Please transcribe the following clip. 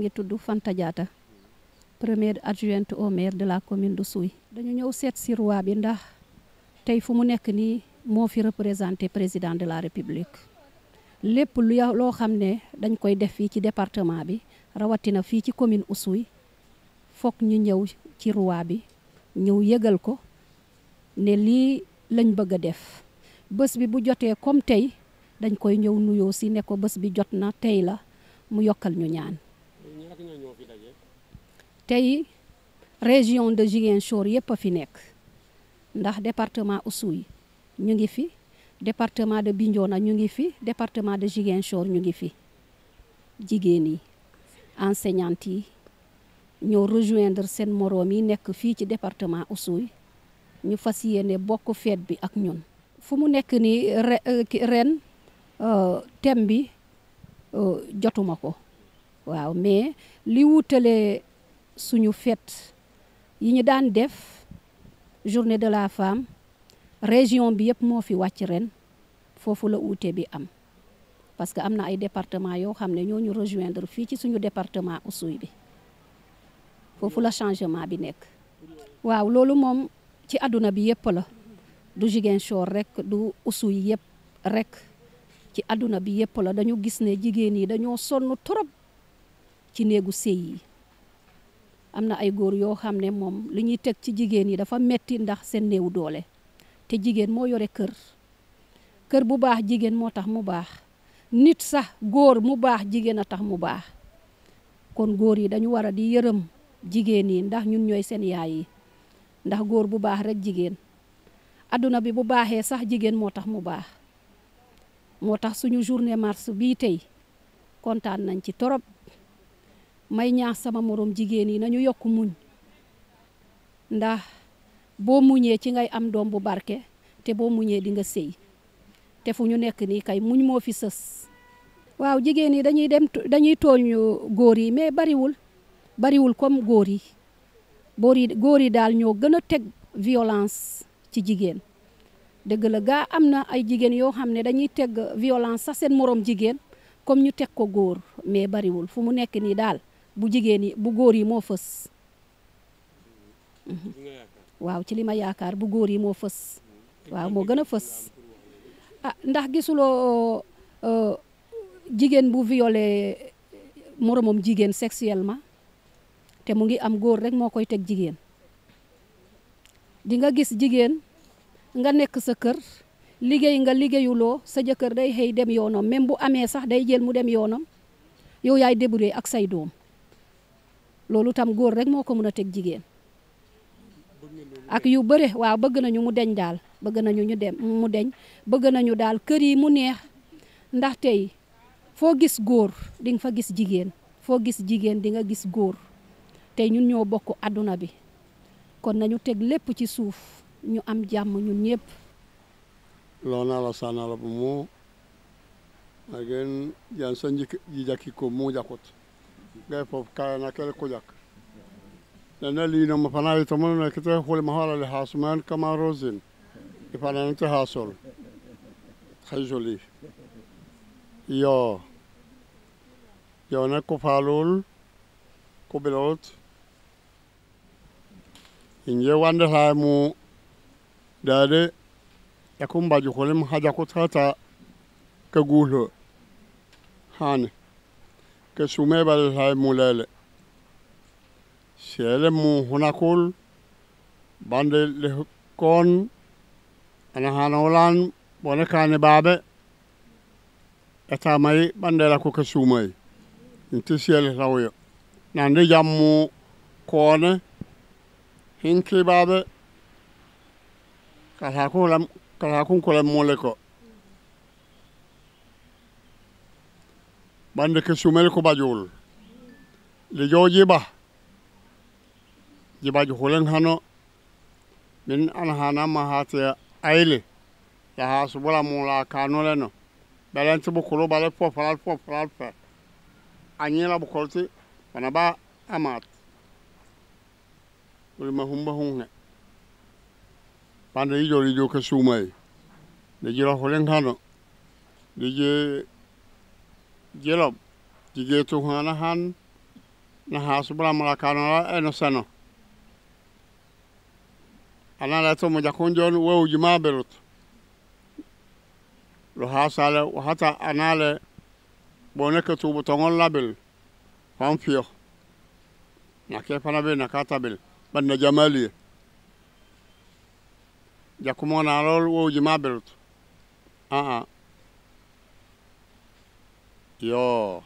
ngi tudd Fanta première adjointe au maire de la commune de Souy dañu ñëw seet si roi bi ndax tey fu mu nekk nii moo fi représenté président de la république lépp lu loo xam ne dañ koy def fii ci département bi rawatina fii ci commune Oussouye foog ñu ñëw ci roi bi ñëw yëgal ko ne lii lañ bëgg a def bés bi bu jotee comme tey dañ koy ñëw nuyoo si ne ko bés bi jot na tey la mu yokkal ñu ñaan tey région de Ziguinchor yëpp a fi nekk ndax département Oussouye ñu ngi fi département de Bignona ñu ngi fi département de Ziguinchor ñu ngi fi jigéen yi enseignante yi ñoo rejoindre seen moroom yi nekk fii ci département Oussouye ñu fas yéene bokk feet bi ak ñun fu mu nekk nii euh, ren euh, thème bi euh, jotuma ko waaw mais li wutale suñu fête yi ñu daan def journée de la femme région bi yëpp moo fi wàcc ren foofu la uute bi am parce que am na ay département yoo xam ne ñoo ñu rejoindre fii ci suñu département Oussouye bi foofu la changement bi nekk waaw loolu moom ci àdduna bi yëpp la du Ziguinchor rek du Oussouye yëpp rek ci àdduna bi yëpp la dañu gis ne jigéen yi dañoo sonn trop ci néegu sëy yi am na ay góor yoo xam ne moom lu ñuy teg ci jigéen yi dafa metti ndax seen néew doole te jigéen moo yore kër kër bu baax jigéen moo tax mu baax nit sax góor mu baax jigéen a tax mu baax kon góor yi dañu war a di yërëm jigéen yi ndax ñun ñooy seen yaay yi ndax góor bu baax rek jigéen adduna bi bu baaxee sax jigéen moo tax mu baax moo tax suñu journée mars bii tey kontaan nañ ci torop may ñaax sama moroom jigéen yi nañu yokk muñ ndax boo muñee ci ngay am doom bu barke te boo muñee di nga sëy te fu ñu nekk nii kay muñ moo fi sës waaw jigéen yi dañuy dem dañuy tooñ góor yi mais bariwul bariwul comme góor yi góor yi góor yi daal ñoo gën a teg violence ci jigéen dëgg la gaa am na ay jigéen yoo xam ne dañuy teg violence sax seen moroom jigéen comme ñu teg ko góor mais bariwul fu mu nekk nii daal bu jigéen yi bu góor yi moo fës mm-hmm. waaw ci li ma yaakaar bu góor yi moo fës mm-hmm. waaw moo gën a fës ah ndax gisuloo uh, jigéen bu violé uh, moromam jigéen sexuellement te mu ngi am góor rek moo koy teg jigéen di nga gis jigéen nga nekk sa kër liggéey nga liggéeyuloo sa jëkkër day xëy dem yoonam même bu amee sax day jël mu dem yoonam yow yaay débrouiller ak say doom loolu tam góor rek moo ko mën a teg jigéen ak yu bëre waaw bëgg nañu mu deñ daal bëgg nañu ñu dem mu deñ bëgg nañu daal kër yi mu neex ndax tey foo gis góor di fa gis jigéen foo gis jigéen di nga gis góor tey ñun ñoo bokk àdduna bi kon nañu teg lépp ci suuf ñu am jàmm ñun ñëpp lonala sanala bu mu agen yan sanji jijakiko mo jakot ɓe fof kayana kele kuƴak nene linoma fana wita munone kete hulima hoolale ha sumen kama rosine i fananete ha sol très joli yo yo ne ko faalol ko ɓelowot in je wande ha mu dade yakumbaji holim hajakut hata ka guulo hane que su mevale sai mulele. Siele mu hunakul bande lehkon anahanolan bonekane babe etamai bande la kuka sumai. Inti siele sauyo. Nande jammu kone hinki babe kalakulam kalakun kole muleko. 만들게 수매를 고바줄 리조 지바 지바 주홀은 하노 min an hana mahate aile ya ha subula mula kanole no balance bu kulu bale po faral po faral fa anyela bu kolti bana ba amat ul mahumba hunne pande yi jori jo ka sumai hano de je jilob jigeetu hana han nahasu bula mulakanola enoseno eh, analeto mujakunjon wewuji maberut lohasale hata anale boneke tubu tongon labil fanfiyo nake fana be nakatabil banna jamaliye jakumonalol wewuji maberut aa uh -uh. Ah. Joo.